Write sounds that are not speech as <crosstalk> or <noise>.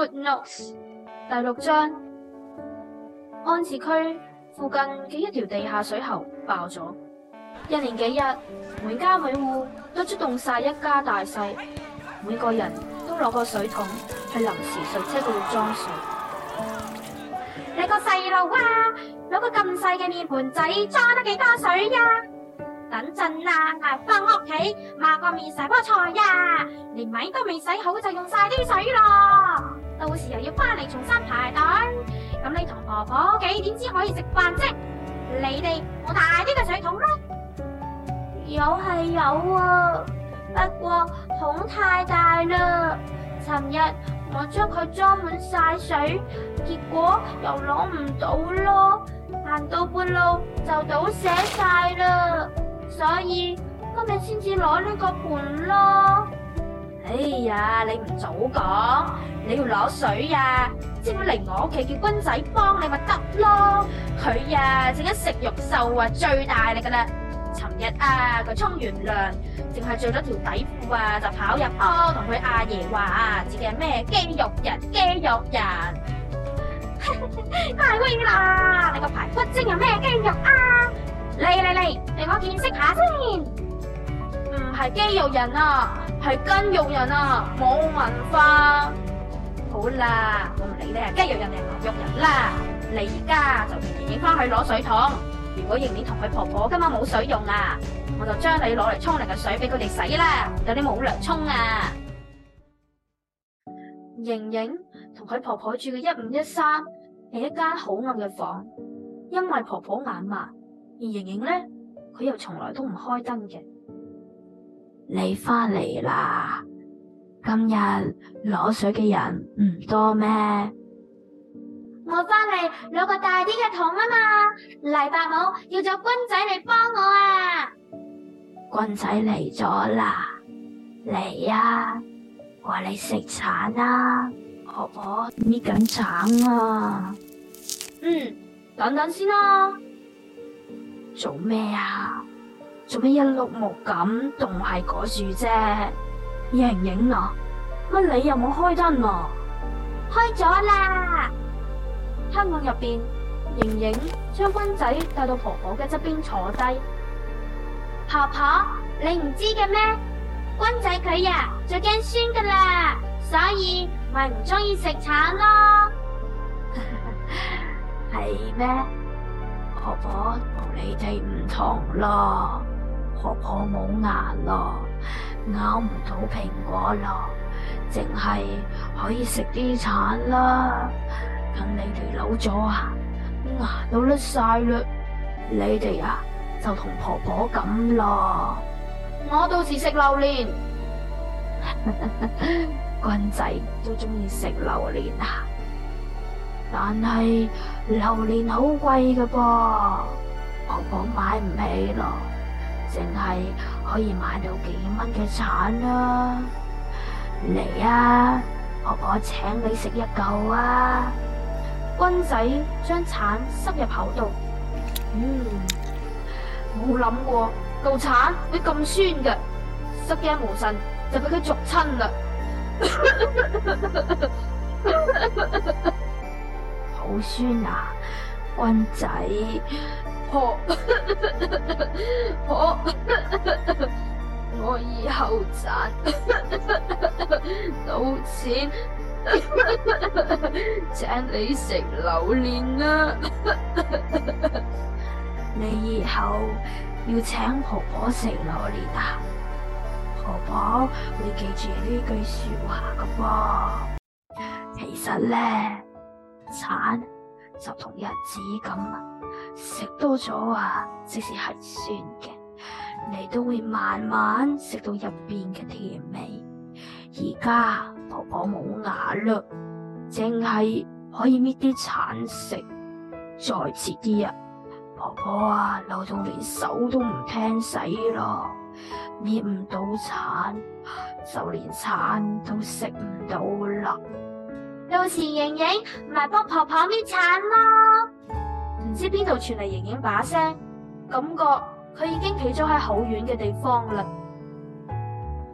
Footnotes，第六章，安置區附近嘅一條地下水喉爆咗，一年幾日，每家每戶都出動晒一家大細，每個人都攞個水桶去臨時水車度裝水。你個細路啊，攞個咁細嘅面盆仔裝得幾多水呀？等陣啦，嗱，返屋企，抹個面洗菠菜呀，連米都未洗好就用晒啲水咯。到時又要翻嚟重新排隊，咁你同婆婆幾點先可以食飯啫？你哋冇大啲嘅水桶咩？有係有啊，不過桶太大啦。尋日我將佢裝滿晒水，結果又攞唔到咯，行到半路就倒瀉晒啦，所以今日先至攞呢個盤咯。哎呀，你唔早講！你要攞水呀、啊？知唔知嚟我屋企叫君仔幫你咪得咯？佢呀、啊、正一食肉獸啊，最大力噶啦！尋日啊，佢沖完涼，淨係着咗條底褲啊，就跑入屋同佢阿爺話自己係咩肌肉人，肌肉人。太 <laughs> 威啦！你個排骨精啊，咩肌肉啊？嚟嚟嚟，畀我見識下先。唔係、嗯、肌肉人啊，係筋肉人啊，冇文化。好啦，我唔理你係雞肉人定牛肉人啦，你而家就同盈盈翻去攞水桶。如果盈盈同佢婆婆今晚冇水用啊，我就將你攞嚟沖涼嘅水俾佢哋洗啦，有啲冇涼沖啊。盈盈同佢婆婆住嘅一五一三係一間好暗嘅房，因為婆婆眼盲，而盈盈咧佢又從來都唔開燈嘅。你翻嚟啦。今日攞水嘅人唔多咩？我翻嚟攞個大啲嘅桶啊嘛！黎伯母要咗軍仔嚟幫我啊！軍仔嚟咗啦，嚟呀、啊！我話你食橙啦，婆婆，搣緊橙啊！哦、橙啊，嗯，等等先啦。做咩啊？做咩一碌木咁戙喺嗰樹啫？瑩瑩咯，乜、啊、你又冇開燈咯、啊？開咗啦！香港入邊，瑩瑩將君仔帶到婆婆嘅側邊坐低。婆婆，你唔知嘅咩？君仔佢呀最驚酸噶啦，所以咪唔中意食橙咯。係咩？ <laughs> 婆婆你同你哋唔同咯，婆婆冇牙咯。咬唔到蘋果囉，淨係可以食啲橙啦。等你哋老咗啊，牙都甩晒嘞。你哋啊就同婆婆咁囉。我到時食榴蓮，軍 <laughs> 仔都中意食榴蓮啊，但係榴蓮好貴㗎噃，婆婆買唔起咯。淨係可以買到幾蚊嘅橙啦，嚟啊，婆婆、啊、請你食一嚿啊！君仔將橙塞入口度，嗯，冇諗過嚿橙會咁酸嘅，失驚無神就俾佢逐親啦。 <laughs> <laughs> 好酸啊，君仔！婆婆，我以後賺到錢，請你食榴蓮啊！你以後要請婆婆食榴蓮啊！婆婆會記住呢句說話噶噃。其實咧，賺就同日子咁。食多咗啊，即使係酸嘅，你都會慢慢食到入邊嘅甜味。而家婆婆冇牙嘞，淨係可以搣啲橙食。再遲啲啊，婆婆啊，老到連手都唔聽使啦，搣唔到橙，就連橙都食唔到啦。到時盈盈咪幫婆婆搣橙啦。唔知邊度傳嚟盈盈把聲，感覺佢已經企咗喺好遠嘅地方嘞。